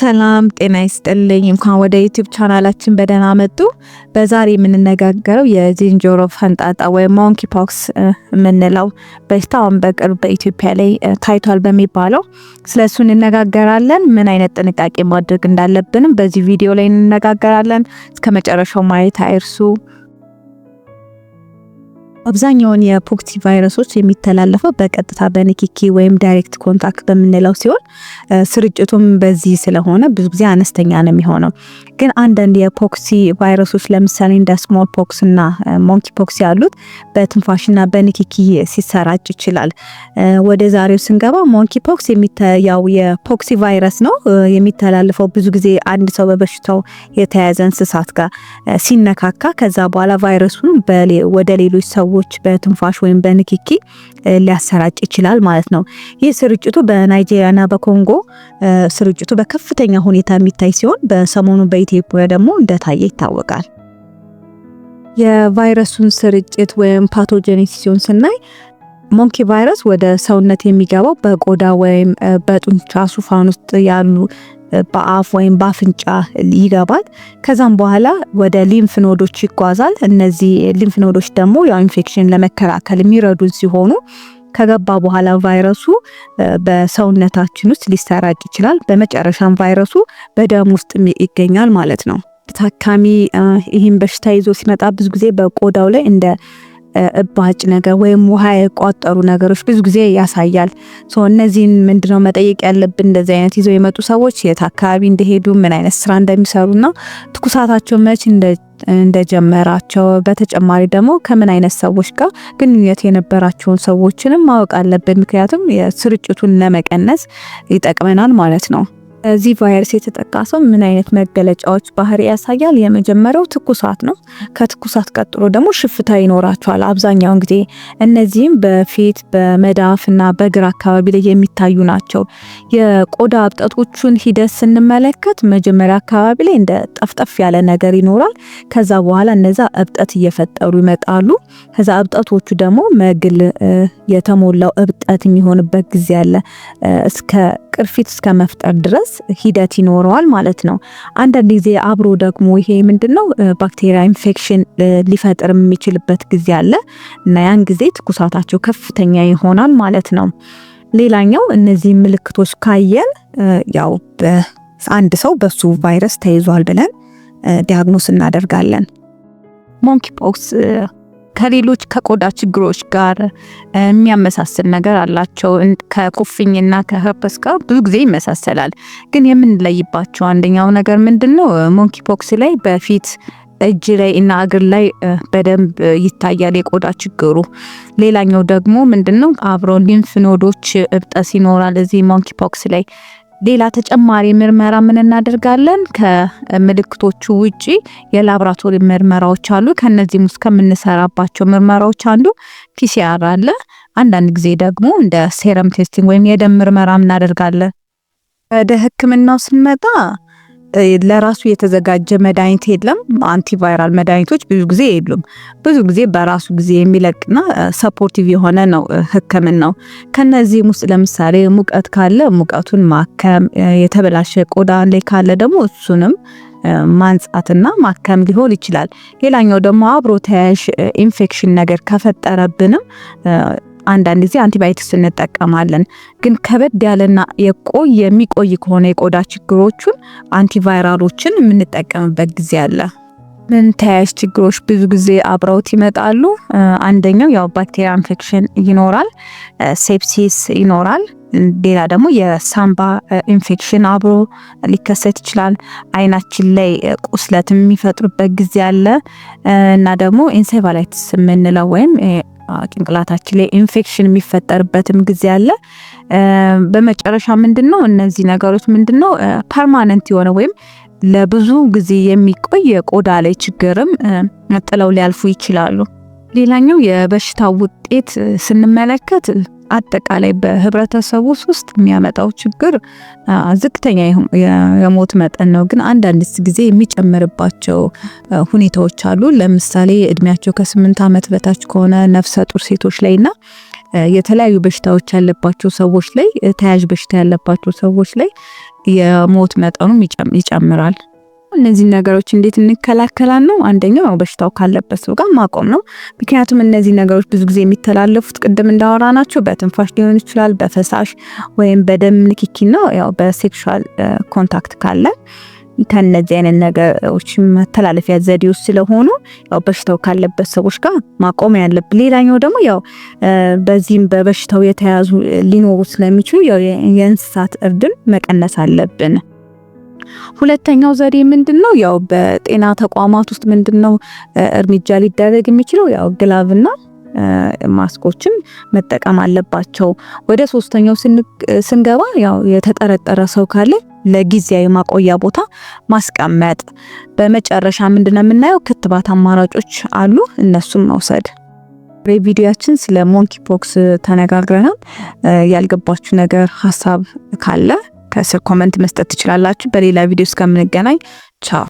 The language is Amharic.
ሰላም ጤና ይስጥልኝ። እንኳን ወደ ዩቲዩብ ቻናላችን በደህና መጡ። በዛሬ የምንነጋገረው የዝንጀሮ ፈንጣጣ ወይም ሞንኪ ፖክስ የምንለው በሽታ አሁን በቅርብ በኢትዮጵያ ላይ ታይቷል በሚባለው ስለ እሱ እንነጋገራለን። ምን አይነት ጥንቃቄ ማድረግ እንዳለብንም በዚህ ቪዲዮ ላይ እንነጋገራለን። እስከ መጨረሻው ማየት አይርሱ። አብዛኛውን የፖክሲ ቫይረሶች የሚተላለፈው በቀጥታ በንኪኪ ወይም ዳይሬክት ኮንታክት በምንለው ሲሆን ስርጭቱም በዚህ ስለሆነ ብዙ ጊዜ አነስተኛ ነው የሚሆነው። ግን አንዳንድ የፖክሲ ቫይረሶች ለምሳሌ እንደ ስሞል ፖክስ እና ሞንኪ ፖክስ ያሉት በትንፋሽና በንኪኪ ሲሰራጭ ይችላል። ወደ ዛሬው ስንገባ ሞንኪ ፖክስ ያው የፖክሲ ቫይረስ ነው የሚተላለፈው ብዙ ጊዜ አንድ ሰው በበሽታው የተያያዘ እንስሳት ጋር ሲነካካ ከዛ በኋላ ቫይረሱን ወደ ሌሎች ሰው ሰዎች በትንፋሽ ወይም በንክኪ ሊያሰራጭ ይችላል ማለት ነው። ይህ ስርጭቱ በናይጄሪያና በኮንጎ ስርጭቱ በከፍተኛ ሁኔታ የሚታይ ሲሆን በሰሞኑ በኢትዮጵያ ደግሞ እንደታየ ይታወቃል። የቫይረሱን ስርጭት ወይም ሲሆን ስናይ ሞንኪ ቫይረስ ወደ ሰውነት የሚገባው በቆዳ ወይም በጡንቻ ሱፋን ውስጥ ያሉ በአፍ ወይም በአፍንጫ ይገባል። ከዛም በኋላ ወደ ሊምፍ ኖዶች ይጓዛል። እነዚህ ሊምፍ ኖዶች ደግሞ ያው ኢንፌክሽን ለመከላከል የሚረዱን ሲሆኑ ከገባ በኋላ ቫይረሱ በሰውነታችን ውስጥ ሊሰራጭ ይችላል። በመጨረሻም ቫይረሱ በደም ውስጥ ይገኛል ማለት ነው። ታካሚ ይህን በሽታ ይዞ ሲመጣ ብዙ ጊዜ በቆዳው ላይ እንደ እባጭ ነገር ወይም ውሃ የቋጠሩ ነገሮች ብዙ ጊዜ ያሳያል። እነዚህን ምንድነው መጠየቅ ያለብን? እንደዚህ አይነት ይዘው የመጡ ሰዎች የት አካባቢ እንደሄዱ፣ ምን አይነት ስራ እንደሚሰሩና ትኩሳታቸው መች እንደጀመራቸው በተጨማሪ ደግሞ ከምን አይነት ሰዎች ጋር ግንኙነት የነበራቸውን ሰዎችንም ማወቅ አለብን። ምክንያቱም ስርጭቱን ለመቀነስ ይጠቅመናል ማለት ነው። እዚህ ቫይረስ የተጠቃ ሰው ምን አይነት መገለጫዎች ባህሪ ያሳያል? የመጀመሪያው ትኩሳት ነው። ከትኩሳት ቀጥሎ ደግሞ ሽፍታ ይኖራቸዋል አብዛኛውን ጊዜ። እነዚህም በፊት በመዳፍና በእግር አካባቢ ላይ የሚታዩ ናቸው። የቆዳ እብጠቶቹን ሂደት ስንመለከት መጀመሪያ አካባቢ ላይ እንደ ጠፍጠፍ ያለ ነገር ይኖራል። ከዛ በኋላ እነዛ እብጠት እየፈጠሩ ይመጣሉ። ከዛ እብጠቶቹ ደግሞ መግል የተሞላው እብጠት የሚሆንበት ጊዜ አለ እስከ ቅርፊት እስከ መፍጠር ድረስ ሂደት ይኖረዋል ማለት ነው። አንዳንድ ጊዜ አብሮ ደግሞ ይሄ ምንድን ነው ባክቴሪያ ኢንፌክሽን ሊፈጥር የሚችልበት ጊዜ አለ እና ያን ጊዜ ትኩሳታቸው ከፍተኛ ይሆናል ማለት ነው። ሌላኛው እነዚህ ምልክቶች ካየን ያው አንድ ሰው በሱ ቫይረስ ተይዟል ብለን ዲያግኖስ እናደርጋለን። ሞንኪ ፖክስ ከሌሎች ከቆዳ ችግሮች ጋር የሚያመሳስል ነገር አላቸው። ከኩፍኝና ከህርፐስ ጋር ብዙ ጊዜ ይመሳሰላል። ግን የምንለይባቸው አንደኛው ነገር ምንድን ነው? ሞንኪ ፖክስ ላይ በፊት እጅ ላይ እና እግር ላይ በደንብ ይታያል የቆዳ ችግሩ። ሌላኛው ደግሞ ምንድን ነው? አብሮ ሊንፍ ኖዶች እብጠት ይኖራል እዚህ ሞንኪ ፖክስ ላይ ሌላ ተጨማሪ ምርመራ ምን እናደርጋለን? ከምልክቶቹ ውጪ የላብራቶሪ ምርመራዎች አሉ። ከነዚህም ውስጥ ከምንሰራባቸው ምርመራዎች አንዱ ፒሲአር አለ። አንዳንድ ጊዜ ደግሞ እንደ ሴረም ቴስቲንግ ወይም የደም ምርመራ እናደርጋለን። ወደ ህክምናው ስንመጣ ለራሱ የተዘጋጀ መድኃኒት የለም። አንቲቫይራል መድኃኒቶች ብዙ ጊዜ የሉም። ብዙ ጊዜ በራሱ ጊዜ የሚለቅና ሰፖርቲቭ የሆነ ነው ህክምናው። ከነዚህም ውስጥ ለምሳሌ ሙቀት ካለ ሙቀቱን ማከም፣ የተበላሸ ቆዳ ላይ ካለ ደግሞ እሱንም ማንጻትና ማከም ሊሆን ይችላል። ሌላኛው ደግሞ አብሮ ተያያዥ ኢንፌክሽን ነገር ከፈጠረብንም አንዳንድ ጊዜ አንቲባዮቲክስ እንጠቀማለን። ግን ከበድ ያለና የቆየ የሚቆይ ከሆነ የቆዳ ችግሮቹን አንቲቫይራሎችን የምንጠቀምበት ጊዜ አለ። ምን ተያያዥ ችግሮች ብዙ ጊዜ አብረውት ይመጣሉ? አንደኛው ያው ባክቴሪያ ኢንፌክሽን ይኖራል፣ ሴፕሲስ ይኖራል። ሌላ ደግሞ የሳምባ ኢንፌክሽን አብሮ ሊከሰት ይችላል። አይናችን ላይ ቁስለት የሚፈጥሩበት ጊዜ አለ እና ደግሞ ኢንሴፋላይትስ የምንለው ወይም ጭንቅላታችን ላይ ኢንፌክሽን የሚፈጠርበትም ጊዜ አለ። በመጨረሻ ምንድን ነው እነዚህ ነገሮች ምንድን ነው ፐርማነንት የሆነ ወይም ለብዙ ጊዜ የሚቆይ የቆዳ ላይ ችግርም ጥለው ሊያልፉ ይችላሉ። ሌላኛው የበሽታ ውጤት ስንመለከት አጠቃላይ በህብረተሰቡ ውስጥ የሚያመጣው ችግር ዝቅተኛ የሞት መጠን ነው። ግን አንዳንድ ጊዜ የሚጨምርባቸው ሁኔታዎች አሉ። ለምሳሌ እድሜያቸው ከስምንት ዓመት በታች ከሆነ ነፍሰ ጡር ሴቶች ላይ እና የተለያዩ በሽታዎች ያለባቸው ሰዎች ላይ ተያዥ በሽታ ያለባቸው ሰዎች ላይ የሞት መጠኑም ይጨምራል። እነዚህን ነገሮች እንዴት እንከላከላል ነው? አንደኛው ያው በሽታው ካለበት ሰው ጋር ማቆም ነው። ምክንያቱም እነዚህ ነገሮች ብዙ ጊዜ የሚተላለፉት ቅድም እንዳወራ ናቸው፣ በትንፋሽ ሊሆን ይችላል፣ በፈሳሽ ወይም በደም ንክኪ ነው፣ ያው በሴክሹዋል ኮንታክት ካለ ከነዚህ አይነት ነገሮች መተላለፊያ ዘዴዎች ስለሆኑ ያው በሽታው ካለበት ሰዎች ጋር ማቆም ያለብን። ሌላኛው ደግሞ ያው በዚህም በበሽታው የተያዙ ሊኖሩ ስለሚችሉ ያው የእንስሳት እርድን መቀነስ አለብን። ሁለተኛው ዘዴ ምንድን ነው? ያው በጤና ተቋማት ውስጥ ምንድን ነው እርምጃ ሊደረግ የሚችለው ያው ግላቭና ማስኮችን መጠቀም አለባቸው። ወደ ሶስተኛው ስንገባ ያው የተጠረጠረ ሰው ካለ ለጊዜያዊ ማቆያ ቦታ ማስቀመጥ። በመጨረሻ ምንድነው የምናየው ክትባት አማራጮች አሉ፣ እነሱም መውሰድ። ቪዲዮያችን ስለ ሞንኪ ፖክስ ተነጋግረናል። ያልገባችሁ ነገር ሀሳብ ካለ ከስር ኮመንት መስጠት ትችላላችሁ። በሌላ ቪዲዮ እስከምንገናኝ ቻው።